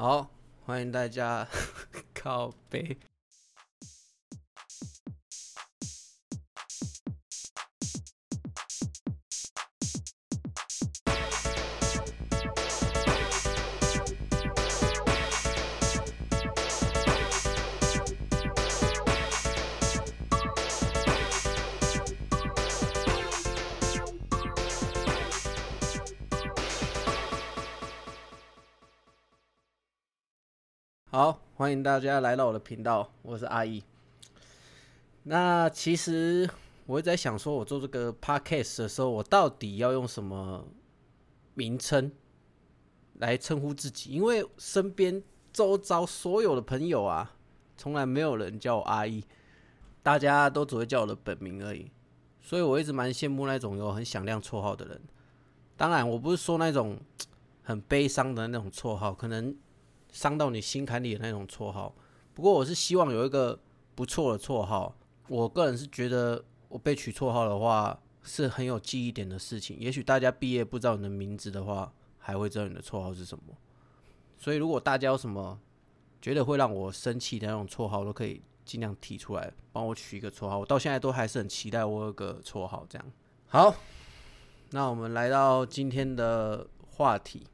好，歡迎大家呵呵靠背。歡迎大家來到我的頻道，我是阿易。那其實我一直在想，說我做這個 podcast 的時候，我到底要用什麼名稱來稱呼自己？因為身邊周遭所有的朋友啊，從來沒有人叫我阿易，大家都只會叫我的本名而已。所以我一直蠻羨慕那種有很響亮綽號的人。當然，我不是說那種很悲傷的那種綽號，可能。傷到你心坎裡的那種綽號，不過我是希望有一個不錯的綽號。我個人是覺得，我被取綽號的話是很有記憶點的事情。也許大家畢業不知道你的名字的話，還會知道你的綽號是什麼。所以如果大家有什麼覺得會讓我生氣的那種綽號，都可以盡量提出來，幫我取一個綽號。我到現在都還是很期待我有個綽號這樣。好，那我們來到今天的話題。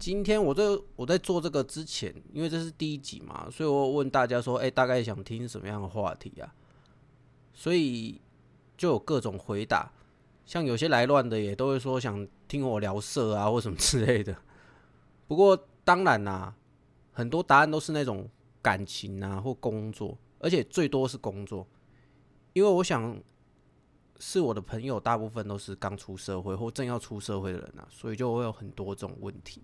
今天我在我在做這個之前，因為這是第一集嘛，所以我有問大家說：“哎，大概想聽什麼樣的話題啊？”所以就有各種回答，像有些來亂的也都會說想聽我聊色啊或什麼之類的。不過當然啦、啊，很多答案都是那種感情啊或工作，而且最多是工作，因為我想是我的朋友大部分都是剛出社會或正要出社會的人啊，所以就會有很多這種問題。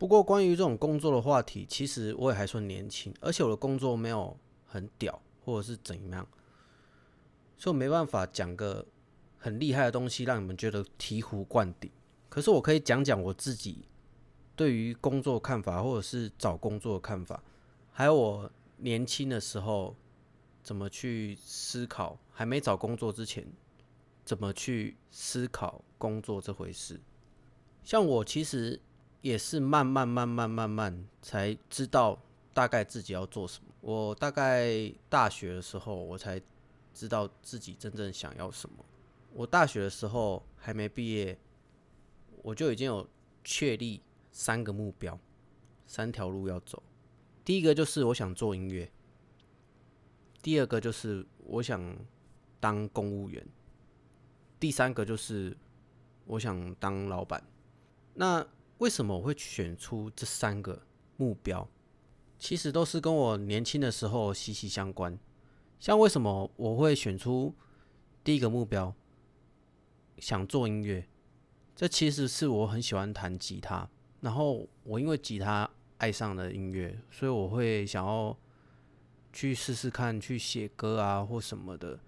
不過，關於這種工作的話題，其實我也還算年輕，而且我的工作沒有很屌，或者是怎樣，所以我沒辦法講個很厲害的東西，讓你們覺得醍醐灌頂。可是我可以講講我自己對於工作看法，或者是找工作的看法，還有我年輕的時候怎麼去思考，還沒找工作之前，怎麼去思考工作這回事。像我其實。也是慢慢慢慢慢慢才知道大概自己要做什麼。我大概大學的時候，我才知道自己真正想要什麼。我大學的時候還沒畢業，我就已經有確立三個目標，三條路要走。第一個就是我想做音樂，第二個就是我想當公務員，第三個就是我想當老闆。那為什麼我會選出這三個目標？其實都是跟我年輕的時候息息相關。像為什麼我會選出第一個目標？想做音樂。這其實是我很喜歡彈吉他，然後我因為吉他愛上了音樂，所以我會想要去試試看，去寫歌啊或什麼的，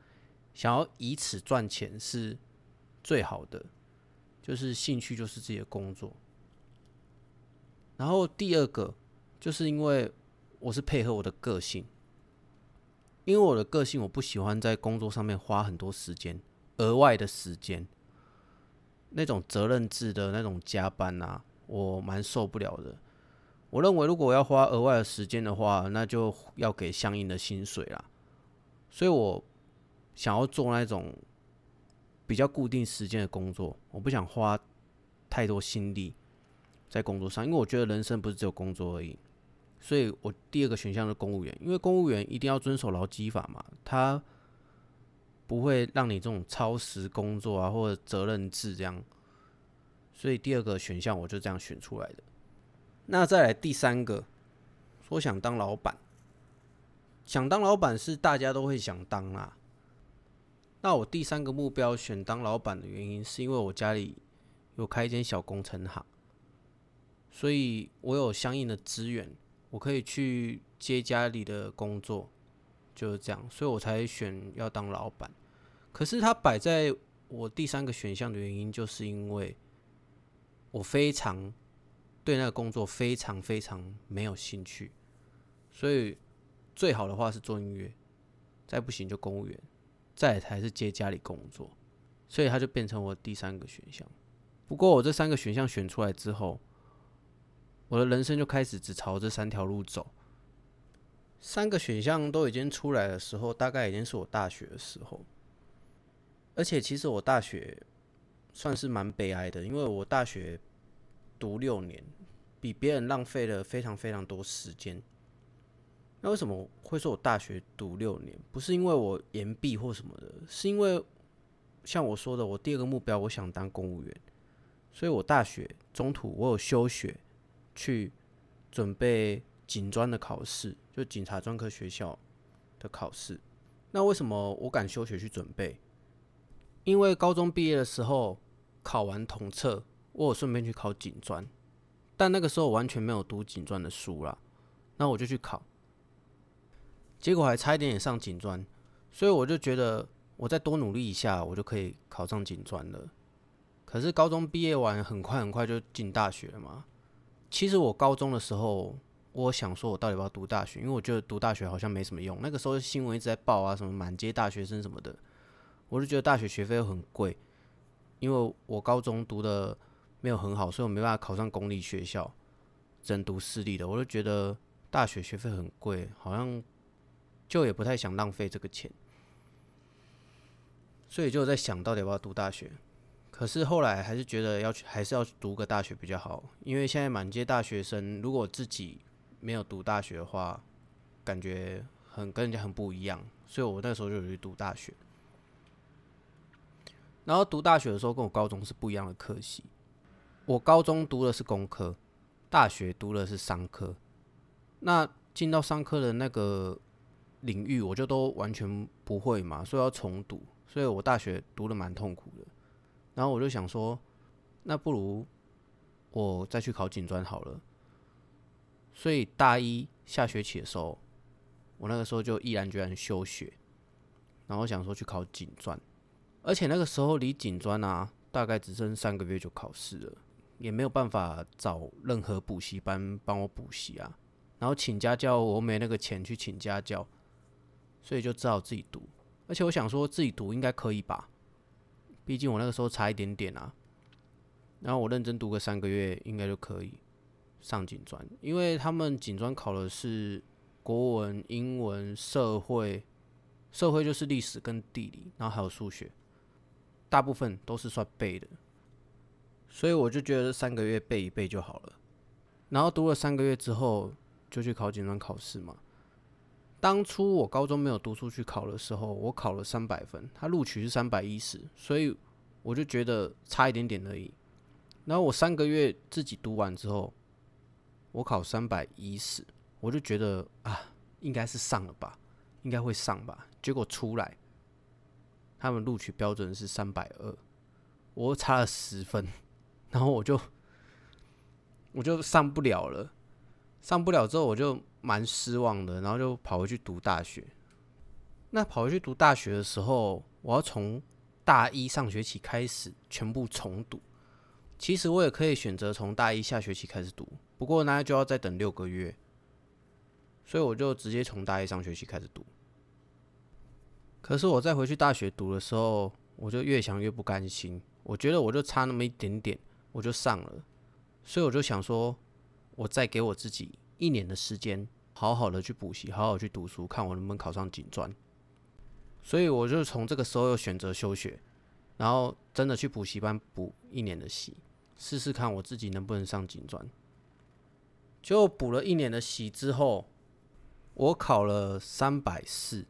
想要以此賺錢是最好的，就是興趣就是自己的工作。然後第二個，就是因為我是配合我的個性，因為我的個性，我不喜歡在工作上面花很多時間，額外的時間，那種責任制的那種加班啊，我蠻受不了的。我認為如果要花額外的時間的話，那就要給相應的薪水啦。所以我想要做那種比較固定時間的工作，我不想花太多心力。在工作上，因為我覺得人生不是只有工作而已，所以我第二個選項是公務員，因為公務員一定要遵守勞基法嘛，他不會讓你這種超時工作啊，或者責任制這樣，所以第二個選項我就這樣選出來的。那再來第三個，說想當老板，想當老板是大家都會想當啦、啊。那我第三個目標選當老板的原因，是因為我家裡有開一間小工程行。所以我有相應的資源，我可以去接家裡的工作，就是這樣。所以我才選要當老板。可是他擺在我第三個選項的原因，就是因為我非常對那個工作非常非常沒有興趣。所以最好的話是做音樂，再不行就公務員，再才是接家裡工作。所以他就變成我第三個選項。不過我這三個選項選出來之後。我的人生就開始只朝這三條路走，三個選項都已經出來的時候，大概已經是我大學的時候。而且，其實我大學算是蠻悲哀的，因為我大學讀六年，比別人浪費了非常非常多時間。那為什麼會說我大學讀六年？不是因為我延畢或什麼的，是因為像我說的，我第二個目標我想當公務員，所以我大學中途我有休學。去準備警專的考試，就警察專科學校的考試。那為什麼我敢休學去準備？因為高中畢業的時候考完統測，我有順便去考警專，但那個時候完全沒有讀警專的書啦。那我就去考，結果還差一點點上警專，所以我就覺得我再多努力一下，我就可以考上警專了。可是高中畢業完，很快很快就進大學了嘛。其實我高中的時候，我想說，我到底要不要讀大學？因為我覺得讀大學好像沒什麼用。那個時候新聞一直在報啊，什麼滿街大學生什麼的，我就覺得大學學費又很貴。因為我高中讀的沒有很好，所以我沒辦法考上公立學校，只能讀私立的。我就覺得大學學費很貴，好像就也不太想浪費這個錢，所以就在想，到底要不要讀大學？可是後來還是覺得要去，還是要讀個大學比較好，因為現在滿街大學生，如果自己沒有讀大學的話，感覺很跟人家很不一樣，所以我那時候就去讀大學。然後讀大學的時候跟我高中是不一樣的科系，我高中讀的是工科，大學讀的是商科。那進到商科的那個領域，我就都完全不會嘛，所以要重讀，所以我大學讀的蠻痛苦的。然後我就想說，那不如我再去考警專好了。所以大一下學期的時候，我那個時候就毅然決然休學，然後想說去考警專。而且那個時候離警專啊，大概只剩三個月就考試了，也沒有辦法找任何補習班幫我補習啊。然後請家教，我沒那個錢去請家教，所以就只好自己讀。而且我想說，自己讀應該可以吧。畢竟我那個時候差一點點啊，然後我認真讀個三個月，應該就可以上警專，因為他們警專考的是國文、英文、社會，社會就是歷史跟地理，然後還有數學，大部分都是算背的，所以我就覺得三個月背一背就好了，然後讀了三個月之後就去考警專考試嘛。當初我高中沒有讀書去考的時候，我考了三百分，他錄取是三百一十，所以我就覺得差一點點而已。然後我三個月自己讀完之後，我考三百一十，我就覺得啊，應該是上了吧，應該會上吧。結果出來，他們錄取標準是三百二，我又差了十分，然後我就我就上不了了，上不了之後我就。蠻失望的，然後就跑回去讀大學。那跑回去讀大學的時候，我要從大一上學期開始全部重讀。其實我也可以選擇從大一下學期開始讀，不過那就要再等六個月，所以我就直接從大一上學期開始讀。可是我再回去大學讀的時候，我就越想越不甘心。我覺得我就差那麼一點點，我就上了，所以我就想說，我再給我自己。一年的時間，好好的去補習，好好的去讀書，看我能不能考上警專。所以我就從這個時候又選擇休學，然後真的去補習班補一年的習，試試看我自己能不能上警專。就補了一年的習之後，我考了三百四，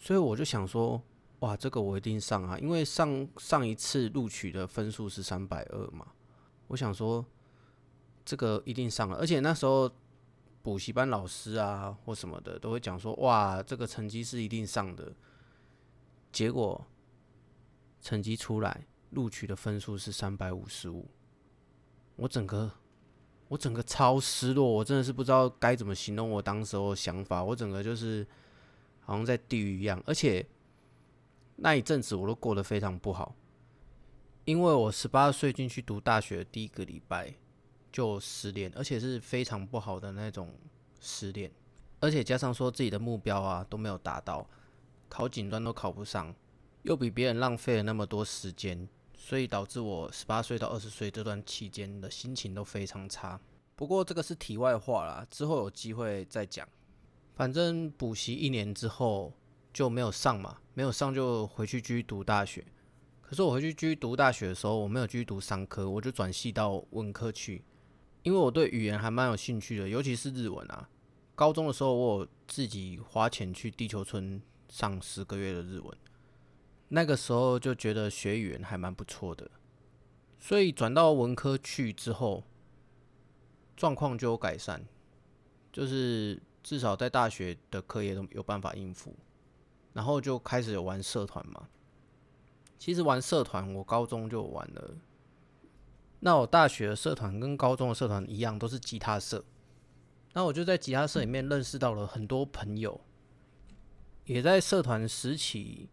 所以我就想說，哇，這個我一定上啊，因為上上一次錄取的分數是三百二嘛，我想說這個一定上了，而且那時候。補習班老師啊，或什麼的，都會講說：“哇，這個成績是一定上的。”結果成績出來，錄取的分數是三百五十五。我整個，我整個超失落，我真的是不知道該怎麼形容我當時候想法。我整個就是好像在地獄一樣，而且那一陣子我都過得非常不好，因為我十八歲進去讀大學的第一個禮拜。就失戀，而且是非常不好的那種失戀。而且加上說自己的目標啊都沒有達到，考警專，都考不上，又比別人浪費了那麼多時間，所以導致我十八歲到二十歲這段期間的心情都非常差。不過這個是題外話啦，之後有機會再講。反正補習一年之後就沒有上嘛，沒有上就回去繼續讀大學。可是我回去繼續讀大學的時候，我沒有繼續讀商科，我就轉系到文科去。因為我對語言還蠻有興趣的，尤其是日文啊。高中的時候，我有自己花錢去地球村上十個月的日文，那個時候就覺得學語言還蠻不錯的。所以轉到文科去之後，狀況就有改善，就是至少在大學的課業都有辦法應付。然後就開始有玩社團嘛。其實玩社團，我高中就玩了。那我大學的社團跟高中的社團一樣，都是吉他社。那我就在吉他社裡面認識到了很多朋友，也在社團時期，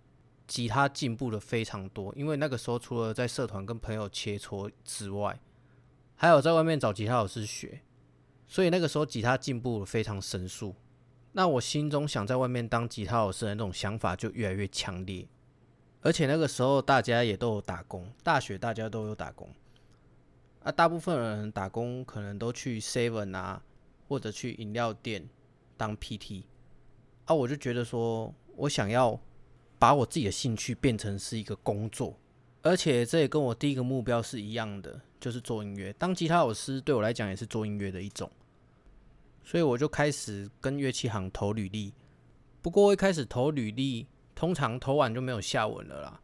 吉他進步了非常多。因為那個時候除了在社團跟朋友切磋之外，還有在外面找吉他老師學，所以那個時候吉他進步非常神速。那我心中想在外面當吉他老師的那種想法就越來越強烈，而且那個時候大家也都有打工，大學大家都有打工。啊，大部分人打工可能都去 Seven 啊，或者去飲料店當 PT 啊。我就覺得說，我想要把我自己的興趣變成是一個工作，而且這也跟我第一個目標是一樣的，就是做音樂。當吉他老師對我來講也是做音樂的一種，所以我就開始跟樂器行投履歷。不過一開始投履歷，通常投完就沒有下文了啦。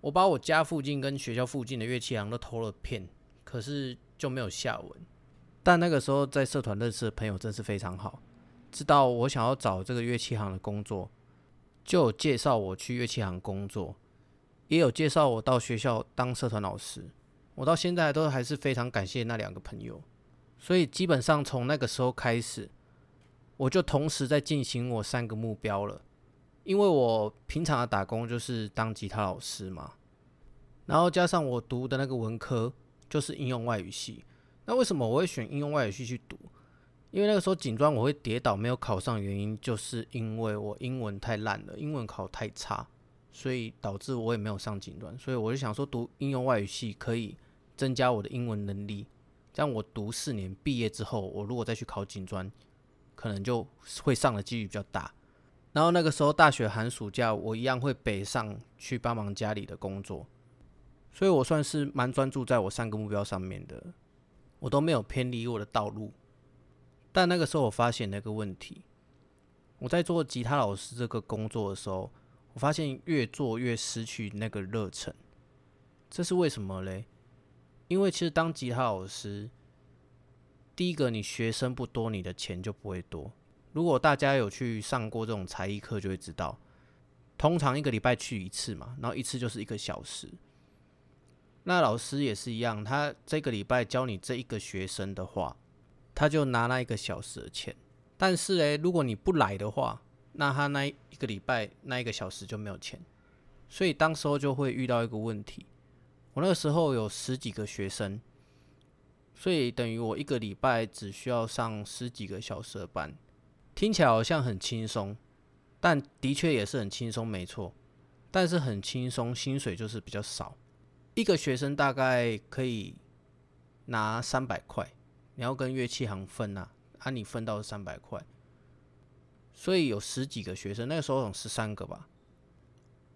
我把我家附近跟學校附近的樂器行都投了片。可是就沒有下文。但那個時候在社團認識的朋友真是非常好，知道我想要找這個樂器行的工作，就有介紹我去樂器行工作，也有介紹我到學校當社團老師。我到現在都還是非常感謝那兩個朋友。所以基本上從那個時候開始，我就同時在進行我三個目標了，因為我平常的打工就是當吉他老師嘛，然後加上我讀的那個文科。就是應用外語系，那為什麼我會選應用外語系去讀？因為那個時候警專我會跌倒沒有考上，原因就是因為我英文太爛了，英文考太差，所以導致我也沒有上警專。所以我就想說，讀應用外語系可以增加我的英文能力，這樣我讀四年畢業之後，我如果再去考警專，可能就會上的幾率比較大。然後那個時候大學寒暑假，我一樣會北上去幫忙家裡的工作。所以我算是蠻專注在我三個目標上面的，我都沒有偏離我的道路。但那個時候我發現那個問題：我在做吉他老師這個工作的時候，我發現越做越失去那個熱忱。這是為什麼嘞？因為其實當吉他老師，第一個你學生不多，你的錢就不會多。如果大家有去上過這種才藝課，就會知道，通常一個禮拜去一次嘛，然後一次就是一個小時。那老師也是一樣，他這個禮拜教你這一個學生的話，他就拿那一個小時的錢。但是哎，如果你不來的話，那他那一個禮拜，那一個小時就沒有錢。所以當時候就會遇到一個問題。我那個時候有十幾個學生，所以等於我一個禮拜只需要上十幾個小時的班，聽起來好像很輕鬆，但的確也是很輕鬆沒錯，但是很輕鬆，薪水就是比較少。一個學生大概可以拿三百塊，你要跟樂器行分啊，按、啊、你分到三百塊，所以有十幾個學生，那個時候有十三個吧，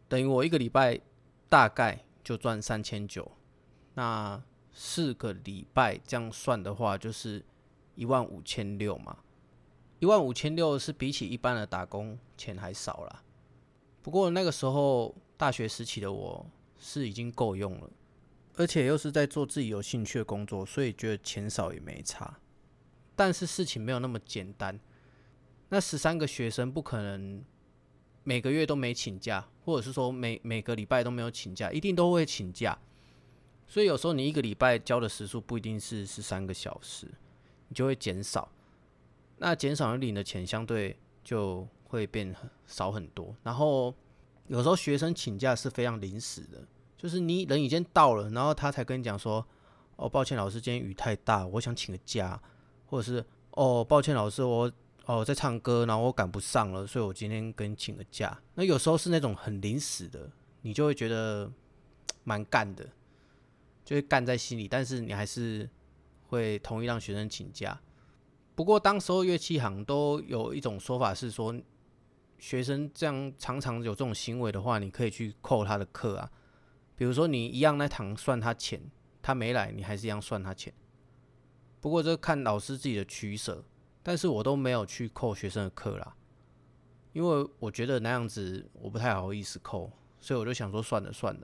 等於我一個禮拜大概就賺三千九，那四個禮拜這樣算的話，就是一萬五千六嘛，一萬五千六是比起一般的打工錢還少啦。不過那個時候大學時期的我。是已經夠用了，而且又是在做自己有興趣的工作，所以覺得錢少也沒差。但是事情沒有那麽簡單，那十三個學生不可能每個月都沒請假，或者是說每每個禮拜都沒有請假，一定都會請假。所以有時候你一個禮拜教的時數不一定是十三個小時，你就會減少。那減少領的錢相對就會變少很多，然後。有時候學生請假是非常臨時的，就是你人已經到了，然後他才跟你講說：“哦，抱歉老師，今天雨太大，我想請個假。”或者是“哦，抱歉老師，我哦在唱歌，然後我趕不上了，所以我今天跟你請個假。”那有時候是那種很臨時的，你就會覺得蠻幹的，就會幹在心裡，但是你還是會同意讓學生請假。不過當時候樂器行都有一種說法是說。學生這樣常常有這種行為的話，你可以去扣他的課啊。比如說，你一樣那堂算他錢，他沒來，你還是一樣算他錢。不過這看老師自己的取捨，但是我都沒有去扣學生的課啦，因為我覺得那樣子我不太好意思扣，所以我就想說算了算了。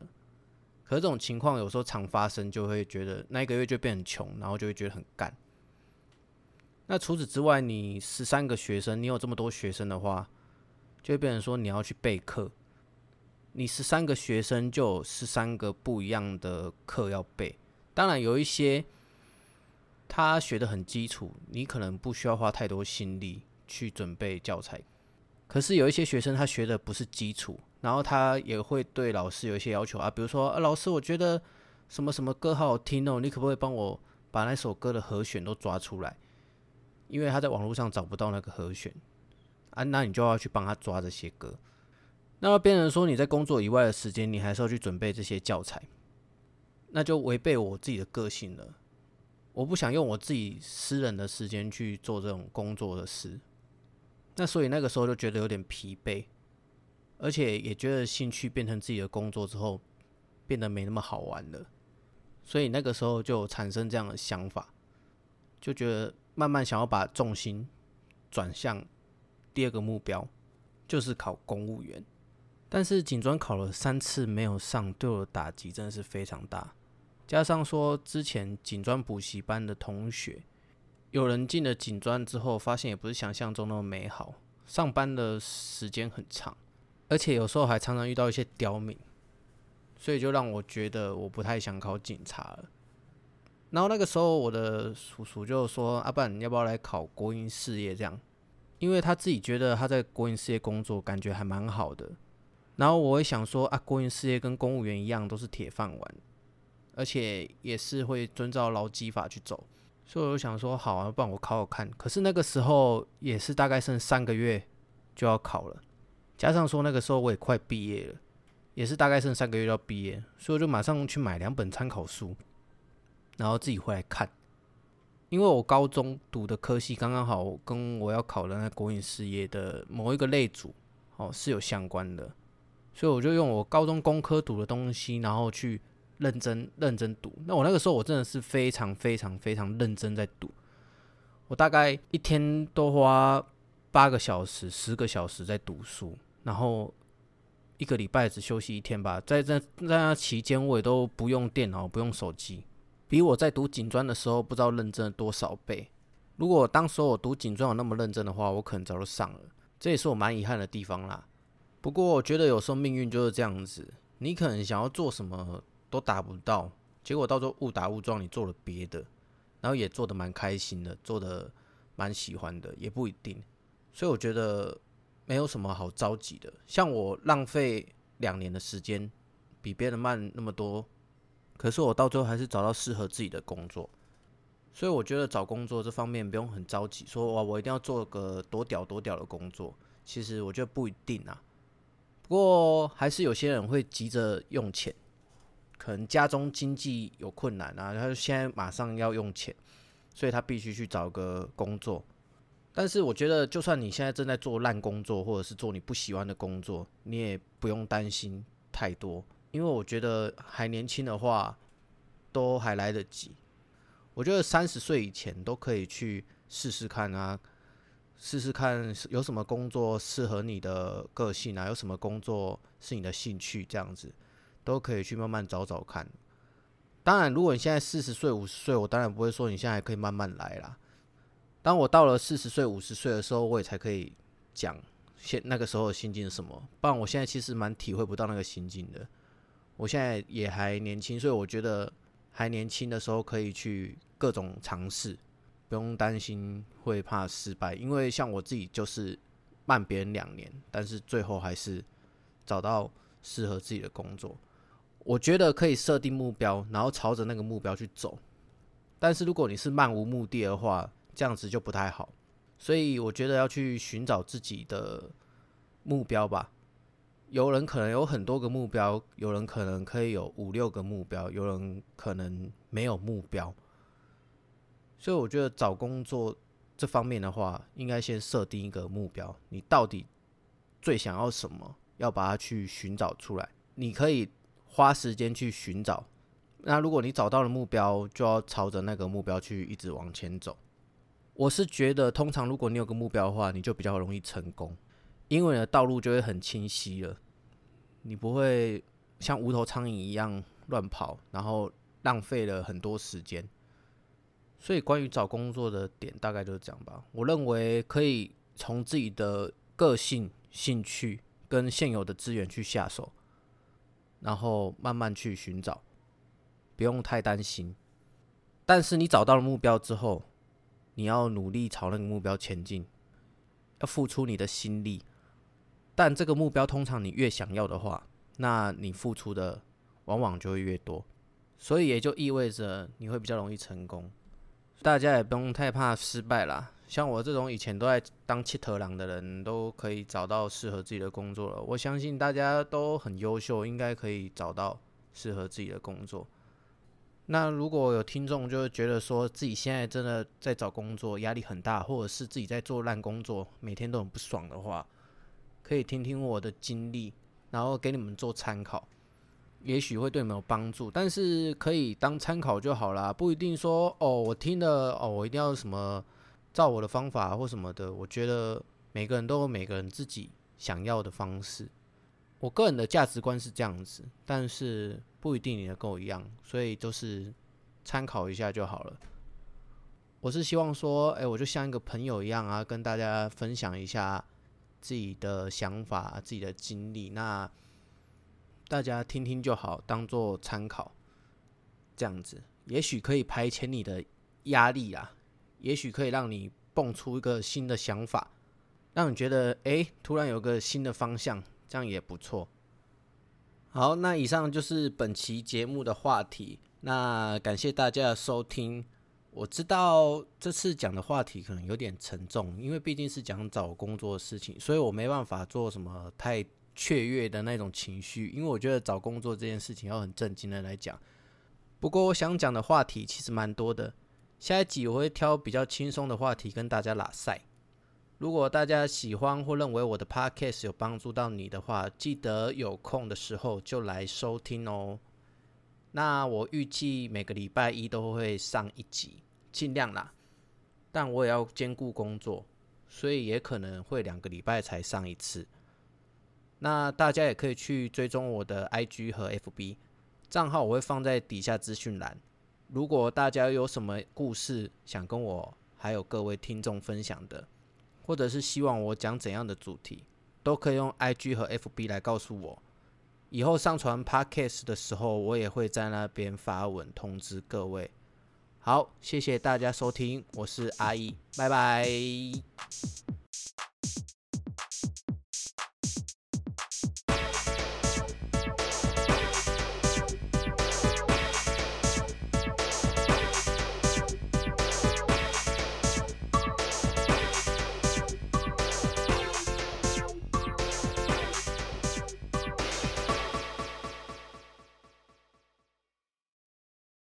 可是這種情況有時候常發生，就會覺得那一個月就變很窮，然後就會覺得很幹。那除此之外，你十三個學生，你有這麼多學生的話。就會變成說你要去備課，你十三個學生就十三個不一樣的課要備。當然有一些他學的很基礎，你可能不需要花太多心力去準備教材。可是有一些學生他學的不是基礎，然後他也會對老師有一些要求啊，比如說啊老師，我覺得什麼什麼歌好聽哦、喔，你可不可以幫我把那首歌的和弦都抓出來？因為他在網絡上找不到那個和弦。啊，那你就要去幫他抓這些歌。那麼變成說你在工作以外的時間，你還是要去準備這些教材，那就違背我自己的個性了。我不想用我自己私人的時間去做這種工作的事。那所以那個時候就覺得有點疲憊，而且也覺得興趣變成自己的工作之後，變得沒那麼好玩了。所以那個時候就產生這樣的想法，就覺得慢慢想要把重心轉向。第二個目標就是考公務員，但是警專考了三次沒有上，對我的打擊真的是非常大。加上說之前警專補習班的同學，有人進了警專之後，發現也不是想象中那麼美好，上班的時間很長，而且有時候還常常遇到一些刁民，所以就讓我覺得我不太想考警察了。然後那個時候，我的叔叔就說：“阿爸，你要不要來考國營事業？”這樣。因為他自己覺得他在國營事業工作感覺還蠻好的，然後我會想說啊，國營事業跟公務員一樣都是鐵飯碗，而且也是會遵照勞基法去走，所以我想說好啊，不然我考考看。可是那個時候也是大概剩三個月就要考了，加上說那個時候我也快畢業了，也是大概剩三個月要畢業，所以我就馬上去買兩本參考書，然後自己回來看。因為我高中讀的科系剛剛好跟我要考的那國營事業的某一個類組哦是有相關的，所以我就用我高中工科讀的東西，然後去認真認真讀。那我那個時候，我真的是非常非常非常認真在讀，我大概一天都花八個小時、十個小時在讀書，然後一個禮拜只休息一天吧。在在在那期間我也都不用電腦、不用手機。比我在讀警專的時候不知道認真多少倍。如果當時我讀警專有那麼認真的話，我可能早就上了。這也是我蠻遺憾的地方啦。不過我覺得有時候命運就是這樣子，你可能想要做什麼都達不到，結果到時候誤打誤撞你做了別的，然後也做得蠻開心的，做得蠻喜歡的，也不一定。所以我覺得沒有什麼好着急的。像我浪費兩年的時間，比別人慢那麼多。可是我到最後還是找到適合自己的工作，所以我覺得找工作這方面不用很着急。說哇，我一定要做個多屌多屌的工作，其實我覺得不一定啊。不過還是有些人會急着用錢，可能家中經濟有困難啊，他就現在馬上要用錢，所以他必須去找個工作。但是我覺得，就算你現在正在做爛工作，或者是做你不喜歡的工作，你也不用擔心太多。因為我覺得還年輕的話，都還來得及。我覺得三十歲以前都可以去試試看啊，試試看有什麼工作適合你的個性啊，有什麼工作是你的興趣，這樣子都可以去慢慢找找看。當然，如果你現在四十歲、五十歲，我當然不會說你現在還可以慢慢來啦。當我到了四十歲、五十歲的時候，我也才可以講現那個時候的心境是什麼。不然我現在其實蠻體會不到那個心境的。我現在也還年輕，所以我覺得還年輕的時候可以去各種嘗試，不用擔心會怕失敗，因為像我自己就是慢別人兩年，但是最後還是找到適合自己的工作。我覺得可以設定目標，然後朝着那個目標去走。但是如果你是漫無目的的話，這樣子就不太好。所以我覺得要去尋找自己的目標吧。有人可能有很多個目標，有人可能可以有五六個目標，有人可能沒有目標。所以我覺得找工作這方面的話，應該先設定一個目標，你到底最想要什麼，要把它去尋找出來。你可以花時間去尋找。那如果你找到了目標，就要朝着那個目標去一直往前走。我是覺得通常如果你有個目標的話，你就比較容易成功。因為你的道路就會很清晰了，你不會像無頭蒼蠅一樣亂跑，然後浪費了很多時間。所以關於找工作的點大概就是這樣吧。我認為可以從自己的個性、興趣跟現有的資源去下手，然後慢慢去尋找，不用太擔心。但是你找到了目標之後，你要努力朝那個目標前進，要付出你的心力。但這個目標，通常你越想要的話，那你付出的往往就會越多，所以也就意味着你會比較容易成功。大家也不用太怕失敗啦，像我這種以前都在當七頭狼的人，都可以找到適合自己的工作了。我相信大家都很優秀，應該可以找到適合自己的工作。那如果有聽眾就覺得說自己現在真的在找工作，壓力很大，或者是自己在做爛工作，每天都很不爽的話。可以聽聽我的經歷，然後給你們做參考，也許會對你們有幫助，但是可以當參考就好啦。不一定說哦，我聽的哦，我一定要什麼照我的方法或什麼的。我覺得每個人都有每個人自己想要的方式，我個人的價值觀是這樣子，但是不一定你能跟我一樣，所以都是參考一下就好了。我是希望說，哎、欸，我就像一個朋友一樣啊，跟大家分享一下。自己的想法，自己的經歷，那大家聽聽就好，當做參考，這樣子也許可以排遣你的壓力啦，也許可以讓你蹦出一個新的想法，讓你覺得哎、欸，突然有個新的方向，這樣也不錯。好，那以上就是本期節目的話題，那感謝大家的收聽。我知道這次講的話題可能有點沉重，因為畢竟是講找工作的事情，所以我沒辦法做什麼太雀躍的那種情緒，因為我覺得找工作這件事情要很正經的來講。不過我想講的話題其實蠻多的，下一集我會挑比較輕鬆的話題跟大家拉賽。如果大家喜歡或認為我的 podcast 有幫助到你的話，記得有空的時候就來收聽哦。那我預計每個禮拜一都會上一集，盡量啦。但我也要兼顧工作，所以也可能會兩個禮拜才上一次。那大家也可以去追蹤我的 IG 和 FB 賬號，我會放在底下資訊欄。如果大家有什麼故事想跟我還有各位聽眾分享的，或者是希望我講怎樣的主題，都可以用 IG 和 FB 來告訴我。以後上傳 podcast 的時候，我也會在那邊發文通知各位。好，謝謝大家收聽，我是阿易，拜拜。